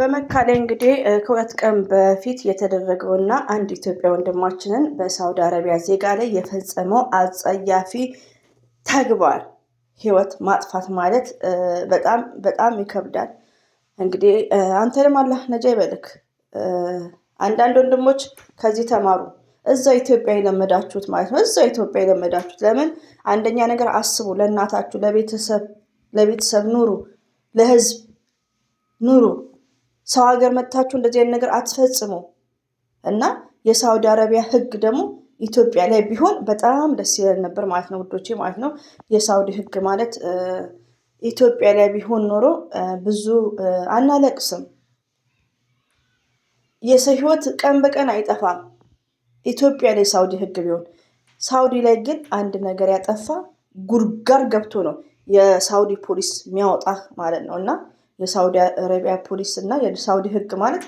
በመካ ላይ እንግዲህ ከሁለት ቀን በፊት የተደረገውና አንድ ኢትዮጵያ ወንድማችንን በሳውዲ አረቢያ ዜጋ ላይ የፈጸመው አጸያፊ ተግባር ህይወት ማጥፋት ማለት በጣም በጣም ይከብዳል። እንግዲህ አንተ አላህ ነጃ ይበልክ። አንዳንድ ወንድሞች ከዚህ ተማሩ። እዛ ኢትዮጵያ የለመዳችሁት ማለት ነው። እዛ ኢትዮጵያ የለመዳችሁት ለምን? አንደኛ ነገር አስቡ፣ ለእናታችሁ፣ ለቤተሰብ ኑሩ፣ ለህዝብ ኑሩ። ሰው ሀገር መታችሁ እንደዚህ አይነት ነገር አትፈጽሙ እና የሳውዲ አረቢያ ህግ ደግሞ ኢትዮጵያ ላይ ቢሆን በጣም ደስ ይለን ነበር ማለት ነው ውዶቼ፣ ማለት ነው የሳውዲ ህግ ማለት ኢትዮጵያ ላይ ቢሆን ኖሮ ብዙ አናለቅስም። የሰው ህይወት ቀን በቀን አይጠፋም። ኢትዮጵያ ላይ ሳውዲ ህግ ቢሆን፣ ሳውዲ ላይ ግን አንድ ነገር ያጠፋ ጉርጋር ገብቶ ነው የሳውዲ ፖሊስ የሚያወጣ ማለት ነው እና የሳውዲ አረቢያ ፖሊስ እና የሳውዲ ህግ ማለት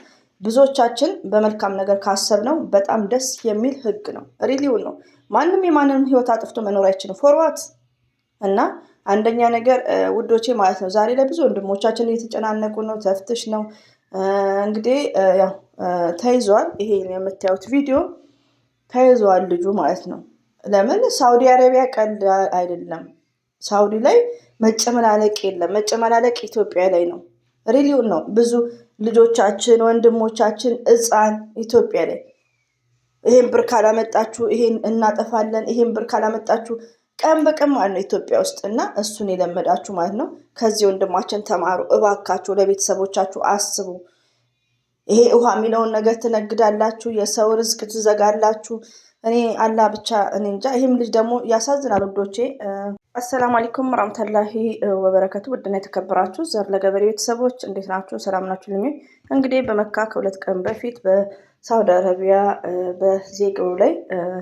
ብዙዎቻችን በመልካም ነገር ካሰብ ነው በጣም ደስ የሚል ህግ ነው። ሪሊውን ነው። ማንም የማንንም ህይወት አጥፍቶ መኖር አይችልም። ፎርዋት እና አንደኛ ነገር ውዶቼ ማለት ነው። ዛሬ ላይ ብዙ ወንድሞቻችን እየተጨናነቁ ነው። ተፍትሽ ነው እንግዲህ ያው ተይዟል። ይሄ የምታዩት ቪዲዮ ተይዟል ልጁ ማለት ነው። ለምን ሳውዲ አረቢያ ቀልድ አይደለም። ሳውዲ ላይ መጨመላለቅ የለም። መጨመላለቅ ኢትዮጵያ ላይ ነው። ሪሊዮን ነው ብዙ ልጆቻችን ወንድሞቻችን ህፃን ኢትዮጵያ ላይ ይሄን ብር ካላመጣችሁ ይሄን እናጠፋለን፣ ይሄን ብር ካላመጣችሁ ቀን በቀን ማለት ነው ኢትዮጵያ ውስጥ እና እሱን የለመዳችሁ ማለት ነው። ከዚህ ወንድማችን ተማሩ እባካችሁ፣ ለቤተሰቦቻችሁ አስቡ። ይሄ ውሃ የሚለውን ነገር ትነግዳላችሁ፣ የሰው ርዝቅ ትዘጋላችሁ። እኔ አላ ብቻ እኔ እንጃ። ይህም ልጅ ደግሞ ያሳዝናል ውዶቼ። አሰላሙ አለይኩም ራምተላሂ ወበረከቱ። ውድና የተከበራችሁ ዘር ለገበሬ ቤተሰቦች እንዴት ናችሁ? ሰላም ናችሁ? ልሚ እንግዲህ በመካ ከሁለት ቀን በፊት በሳውዲ አረቢያ በዜግሩ ላይ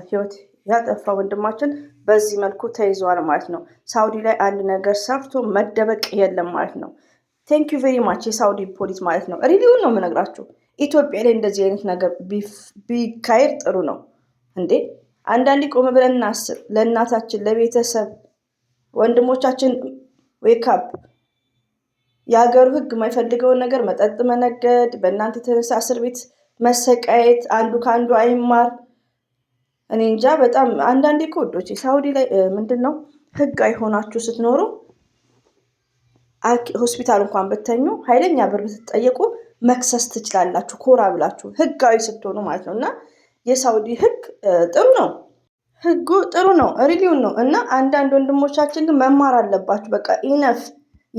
ህይወት ያጠፋ ወንድማችን በዚህ መልኩ ተይዟል ማለት ነው። ሳውዲ ላይ አንድ ነገር ሰርቶ መደበቅ የለም ማለት ነው። ቴንክ ዩ ቬሪ ማች የሳውዲ ፖሊስ ማለት ነው። ሪሊውን ነው የምነግራችሁ። ኢትዮጵያ ላይ እንደዚህ አይነት ነገር ቢካሄድ ጥሩ ነው እንዴ! አንዳንዴ ቆመ ብለን እናስብ። ለእናታችን ለቤተሰብ ወንድሞቻችን ዌክፕ የሀገሩ ህግ የማይፈልገውን ነገር መጠጥ መነገድ፣ በእናንተ የተነሳ እስር ቤት መሰቃየት፣ አንዱ ከአንዱ አይማር። እኔ እንጃ በጣም አንዳንዴ ከወዶች ሳውዲ ላይ ምንድን ነው ህግ አይሆናችሁ ስትኖሩ ሆስፒታል እንኳን ብተኙ ኃይለኛ ብር ብትጠየቁ መክሰስ ትችላላችሁ። ኮራ ብላችሁ ህጋዊ ስትሆኑ ማለት ነው እና የሳውዲ ህግ ጥሩ ነው። ህጉ ጥሩ ነው፣ ሪሊውን ነው እና አንዳንድ ወንድሞቻችን ግን መማር አለባችሁ። በቃ ኢነፍ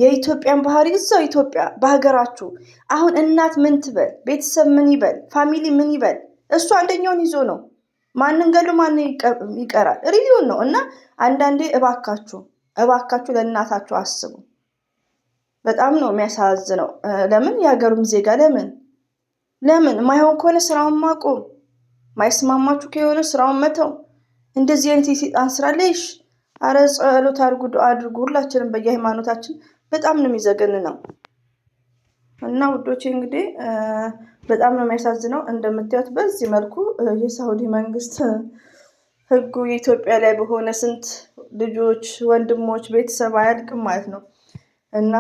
የኢትዮጵያን ባህሪ እዛው ኢትዮጵያ በሀገራችሁ። አሁን እናት ምን ትበል፣ ቤተሰብ ምን ይበል፣ ፋሚሊ ምን ይበል፣ እሱ አንደኛውን ይዞ ነው። ማንን ገሉ ማን ይቀራል። ሪሊውን ነው እና አንዳንዴ እባካችሁ እባካችሁ ለእናታችሁ አስቡ። በጣም ነው የሚያሳዝነው። ለምን የሀገሩም ዜጋ ለምን ለምን ማይሆን ከሆነ ስራውን ማቆም፣ ማይስማማችሁ ከሆነ ስራውን መተው እንደዚህ አይነት የሴጣን ስራ ለይሽ። አረ ጸሎት አድርጉ፣ ዱዓ አድርጉ። ሁላችንም በየሃይማኖታችን በጣም ነው የሚዘገን ነው እና ውዶቼ እንግዲህ በጣም ነው የሚያሳዝነው። እንደምታዩት በዚህ መልኩ የሳውዲ መንግስት ህጉ የኢትዮጵያ ላይ በሆነ ስንት ልጆች፣ ወንድሞች፣ ቤተሰብ አያልቅም ማለት ነው እና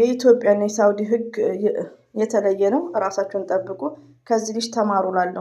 የኢትዮጵያና የሳውዲ ህግ የተለየ ነው። እራሳቸውን ጠብቁ። ከዚህ ልጅ ተማሩ ላለው